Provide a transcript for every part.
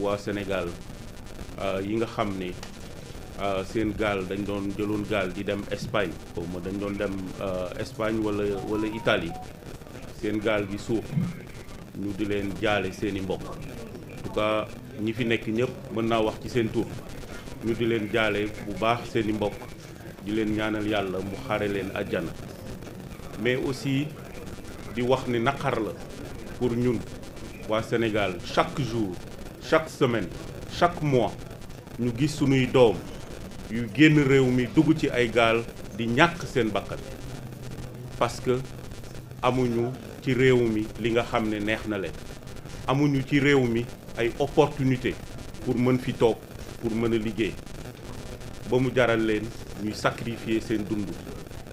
waa Sénégal euh, yi nga xam ne euh, seen gaal dañ doon jëloon gaal di dem Espagne xaw ma dañ doon dem euh, Espagne wala wala Italie seen gaal gi suuf ñu di leen jaale seeni i mbokk en ñi fi nekk ñëpp mën naa wax ci seen tur ñu di leen jaale bu baax seen i mbokk di leen ñaanal yàlla mu xare leen àjjana mais aussi di wax ni naqar la pour ñun waa Sénégal chaque jour chaque semaine chaque mois ñu gis sunuy doom yu génn réew mi dugg ci ay gaal di ñàkk seen bakkan parce que amuñu ci réew mi li nga xam ne neex na leen amuñu ci réew mi ay opportunité pour mën fi toog pour mën a liggéey ba mu jaral leen ñuy sacrifier seen dund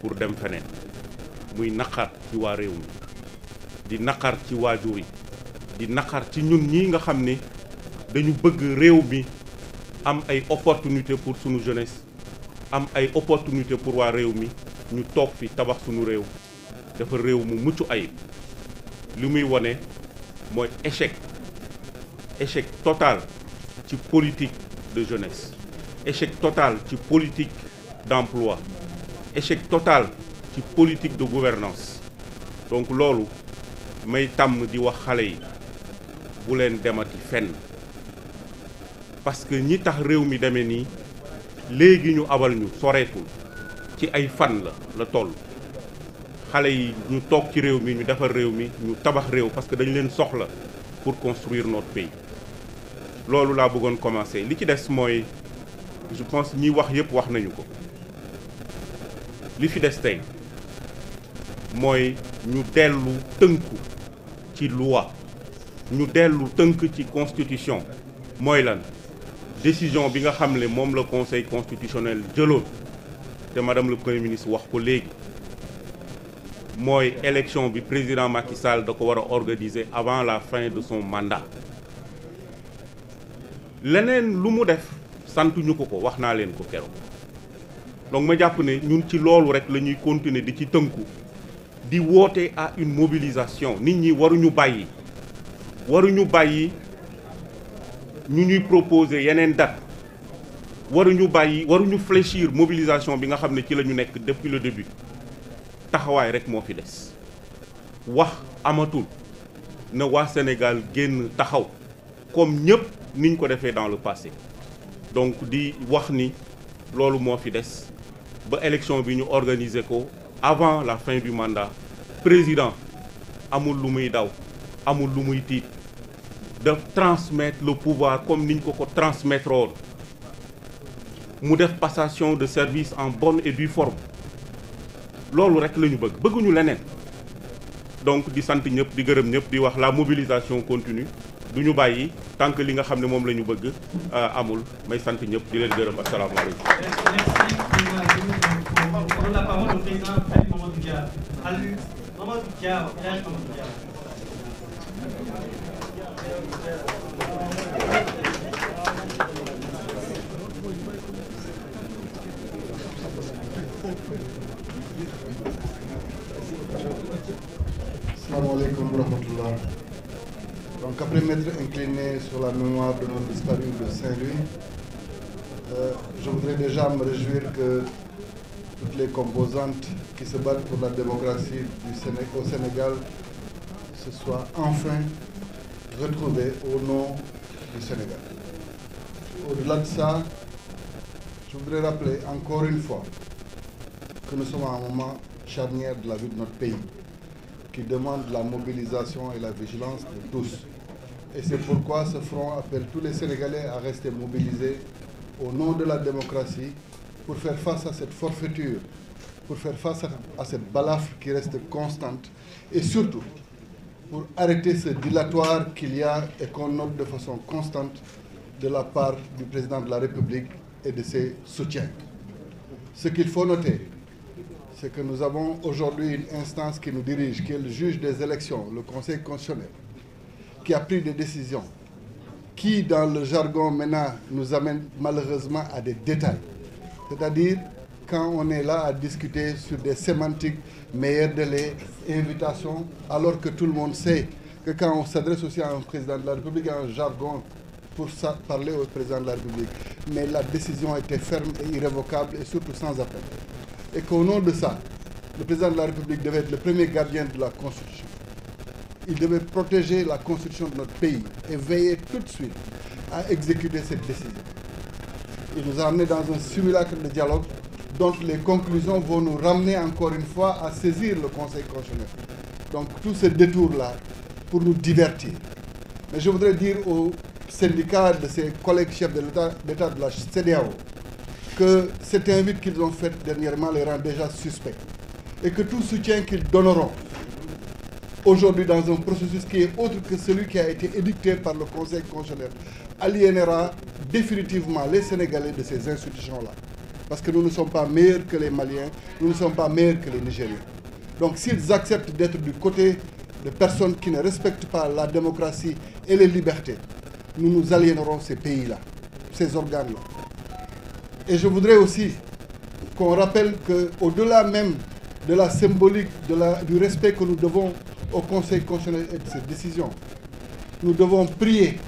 pour dem feneen muy naqar ci waa réew mi di naqar ci waajur yi di naqar ci ñun ñi nga xam ne dañu bëgg réew mi am ay opportunité pour sunu jeunesse am ay opportunité pour waa réew mi ñu toog fi tabax sunu réew dafa réew mu mucc ay li muy wone mooy échec échec total ci politique de jeunesse échec total ci politique d'emploi échec total ci politique de gouvernance donc loolu may tàmm di wax xale yi bu leen demati fenn parce que ñi tax réew mi demee nii léegi ñu abal ñu soreetul ci ay fan la la toll xale yi ñu toog ci réew mi ñu defar réew mi ñu tabax réew parce que dañu leen soxla pour construire notre pays loolu laa bëggoon commencer li ci des mooy je pense ñi wax yépp wax nañu ko li fi des tey mooy ñu dellu tënku ci loi ñu dellu tënk ci constitution mooy décision bi nga xam ne moom la conseil constitutionnel jëloon te madame le premier ministre wax ko léegi mooy élection bi président Macky Sall da ko war a organiser avant la fin de son mandat leneen lu mu def santuñu ko ko wax naa leen ko keroog donc ma jàpp ne ñun ci loolu rek la ñuy continuer di ci tënku di woote à une mobilisation nit ñi waruñu bàyyi waruñu bàyyi. ñu ñuy proposer yeneen dat waruñu bàyyi waruñu fléchir mobilisation bi nga xam ne ci la ñu nekk depuis le début taxawaay rek moo fi des wax amatul na waa Sénégal génn taxaw comme ñëpp niñ ko defee dans le passé donc di wax ni loolu moo fi des ba élection bi ñu organiser ko avant la fin du mandat président amul lu muy daw amul lu muy tiit de transmettre le pouvoir comme ni ñu ko ko transmettre mu def passation de service en bonne et due forme loolu rek la ñu bëgg bëgguñu leneen donc di sant ñëpp di gërëm ñëpp di wax la mobilisation continue du ñu bàyyi tant li nga xam ne moom la ñu bëgg euh, amul may sant ñëpp di leen gërëm asalaamaaleykum. merci. Assalamualaikum warahmatullah. Donc après m'être incliné sur la mémoire de nos disparus de Saint-Louis, euh, je voudrais déjà me réjouir que toutes les composantes qui se battent pour la démocratie au Sénégal, ce soit enfin retrouver au nom du Sénégal. Au-delà de ça, je voudrais rappeler encore une fois que nous sommes à un moment charnière de la vie de notre pays, qui demande la mobilisation et la vigilance de tous. Et c'est pourquoi ce front appelle tous les Sénégalais à rester mobilisés au nom de la démocratie pour faire face à cette forfaiture, pour faire face à cette balafre qui reste constante et surtout pour arrêter ce dilatoire qu'il y a et qu'on note de façon constante de la part du président de la République et de ses soutiens. Ce qu'il faut noter, c'est que nous avons aujourd'hui une instance qui nous dirige, qui est le juge des élections, le Conseil constitutionnel, qui a pris des décisions, qui dans le jargon maintenant nous amène malheureusement à des détails, c'est-à-dire quand on est là à discuter sur des sémantiques meilleurs délais, invitations, alors que tout le monde sait que quand on s'adresse aussi à un président de la République, à un jargon pour ça, parler au président de la République. Mais la décision était ferme et irrévocable et surtout sans appel. Et qu'au nom de ça, le président de la République devait être le premier gardien de la Constitution. Il devait protéger la Constitution de notre pays et veiller tout de suite à exécuter cette Donc les conclusions vont nous ramener encore une fois à saisir le Conseil constitutionnel. Donc tout ce détour-là pour nous divertir. Mais je voudrais dire aux syndicats de ses collègues chefs de l'État de la CDAO que cette invite qu'ils ont faite dernièrement les rend déjà suspects et que tout soutien qu'ils donneront aujourd'hui dans un processus qui est autre que celui qui a été édicté par le Conseil constitutionnel aliénera définitivement les Sénégalais de ces Parce que nous ne sommes pas meilleurs que les Maliens, nous ne sommes pas meilleurs que les Nigériens. Donc s'ils acceptent d'être du côté de personnes qui ne respectent pas la démocratie et les libertés, nous nous aliénerons ces pays-là, ces organes-là. Et je voudrais aussi qu'on rappelle qu'au-delà même de la symbolique, de la, du respect que nous devons au Conseil constitutionnel et de ses décisions, nous devons prier,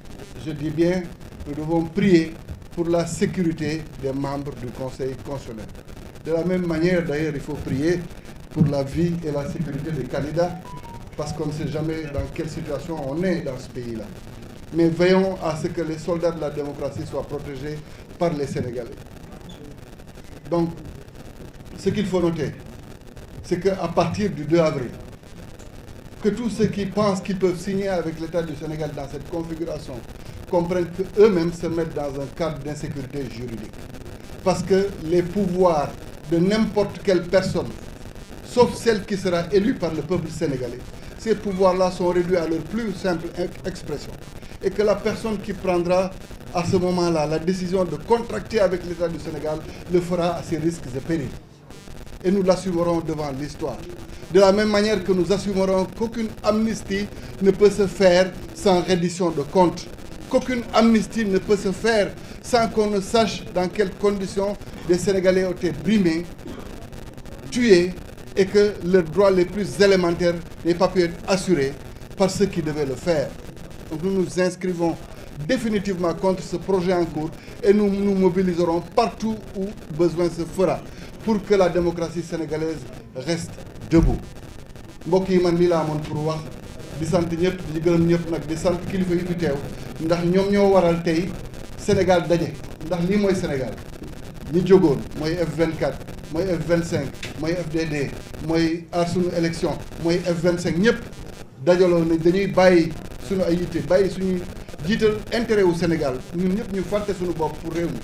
je dis bien, nous devons prier pour la sécurité des membres du Conseil constitutionnel. De la même manière, d'ailleurs, il faut prier pour la vie et la sécurité des candidats, parce qu'on ne sait jamais dans quelle situation on est dans ce pays-là. Mais veillons à ce que les soldats de la démocratie soient protégés par les Sénégalais. Donc, ce qu'il faut noter, c'est qu'à partir du 2 avril, que tous ceux qui pensent qu'ils peuvent signer avec l'État du Sénégal dans cette configuration comprennent qu'eux-mêmes se mettent dans un cadre d'insécurité juridique. Parce que les pouvoirs de n'importe quelle personne, sauf celle qui sera élue par le peuple sénégalais, ces pouvoirs-là sont réduits à leur plus simple e-, expression. Et que la personne qui prendra à ce moment-là la décision de contracter avec l'État du Sénégal le fera à ses risques et périls. Et nous l'assumerons devant l'histoire. De la même manière que nous assumerons qu'aucune amnistie ne de comptes. qu'aucune amnistie ne peut se faire sans qu'on ne sache dans quelles conditions les Sénégalais ont été brimés, tués et que leurs droits les plus élémentaires n'aient pas pu être assurés par ceux qui devaient le faire. Donc nous nous inscrivons définitivement contre ce projet en cours et nous mobiliserons partout où besoin se fera pour que la démocratie sénégalaise reste debout. mbokk yi man lii laa amoon pour wax di sant ñëpp di gërëm nag di sant kilifa yi fi ndax ñoom ñoo waral tey Sénégal daje ndax lii mooy Sénégal ñi jógoon mooy F24 mooy f cinq mooy FDD mooy aar sunu élection mooy f cinq ñëpp dajaloo nañ dañuy bàyyi sunu ay yitte bàyyi suñuy jiital intérêt wu Sénégal ñun ñëpp ñu fàtte suñu bopp pour réew mi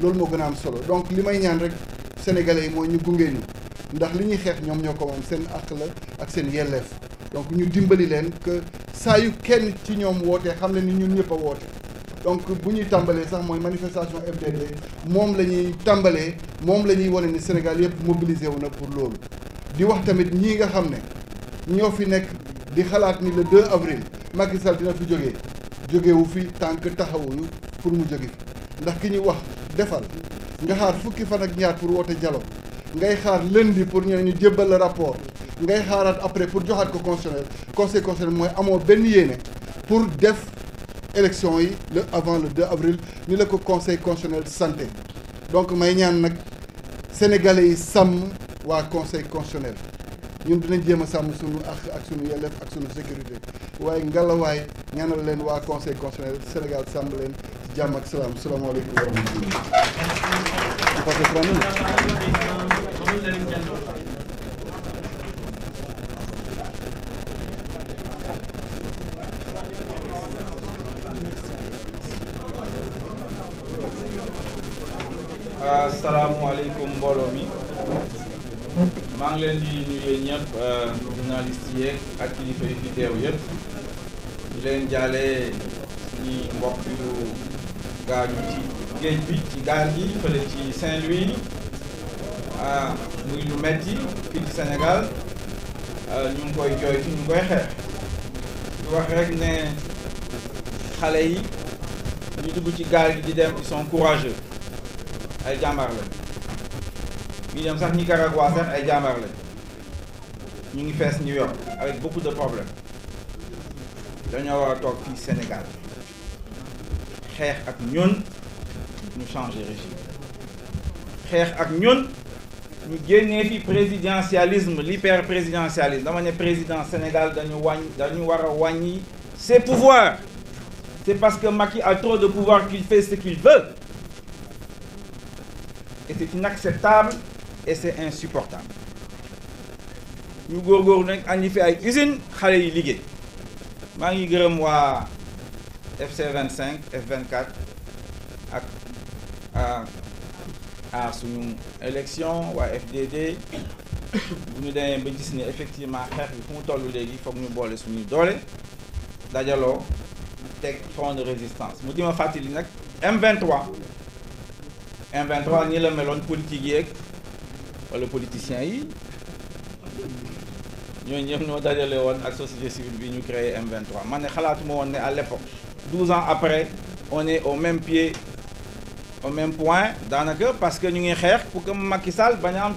loolu moo gën a am solo donc li may ñaan rek sénégalais yi mooy ñu gunge ñu ndax li ñuy xeex ñoom ñoo ko moom seen àq la ak seen yelleef donc ñu dimbali leen que saa yu kenn ci ñoom wootee xam ne ni ñun ñëpp a woote donc bu ñuy tàmbalee sax mooy manifestation FDD moom la ñuy tàmbalee moom la ñuy wane ni Sénégal yëpp mobilisé wu na pour loolu di wax tamit ñi nga xam ne ñoo fi nekk di xalaat ni le 2 avril Macky dina fi jógee jógewu fi tànk taxawuñu pour mu jóge ndax ki ñuy wax defal nga xaar fukki fan ak ñaar pour woote jalo ngay xaar lundi pour ñu ñu jébbal la rapport ngay xaaraat après pour joxaat ko constitutionnel conseil mooy amoo benn yéene pour def élection yi le avant le 2 avril ni la ko conseil constitutionnel santé donc may ñaan nag sénégalais yi sàmm waa conseil constitutionnel ñun dinañ jéem a sàmm suñu ak ak suñu ak sunu sécurité waaye ngalawaay ñaanal leen waa conseil constitutionnel Sénégal sàmm leen ci jàmm ak salaam salaamaaleykum wa rahmatulah. asalaamualeykum mbooloo mi maa ngi leen di nuyu yéen ñëpp euh, journaliste yeeg ak kilifa yi fi teew yu gaañu ci géej bi ci gaal gi fële ci Saint-Louis ah muy lu metti fii ci Sénégal euh, ñu ngi koy jooy ci ñu ngi koy xeex ne xale yi ñu dugg ci gaal gi di dem ils sont ay jàmbaar lañ ñu dem sax Nicaragua sax ay jàmbaar lañ ñu ngi fees New York avec beaucoup de problèmes dañoo war a toog fii Sénégal xeex ak ñun ñu changer régime xeex ak ñun ñu génnee fi présidentialisme l'hyper présidentialisme dama ne président Sénégal dañu wàññi dañu war a wàññi ses pouvoirs c'est parce que Macky a trop de pouvoir qu'il fait ce qu'il veut c'est inacceptable et c'est insupportable ñu góorgóorlu nag andi fi ay usine xale yi liggéey maa ngi gërëm waa FC 25 F24 ak ah, à suñu élection waa FDD bu ñu demee ba gis ni effectivement xeex bi fu mu toll léegi foog ñu boole suñuy doole dajaloo teg front de résistance mu di ma fàttali nag M23 M23 ñi la meloon politique yeeg wala politiciens yi ñooñu ñëpp ñoo dajale woon ak société civile bi ñu créé M23 man ne xalaatuma woon ne à l'époque 12 ans après on est au même pied au même point daanaka parce que ñu ngi xeex pour m Macky Sall bañ a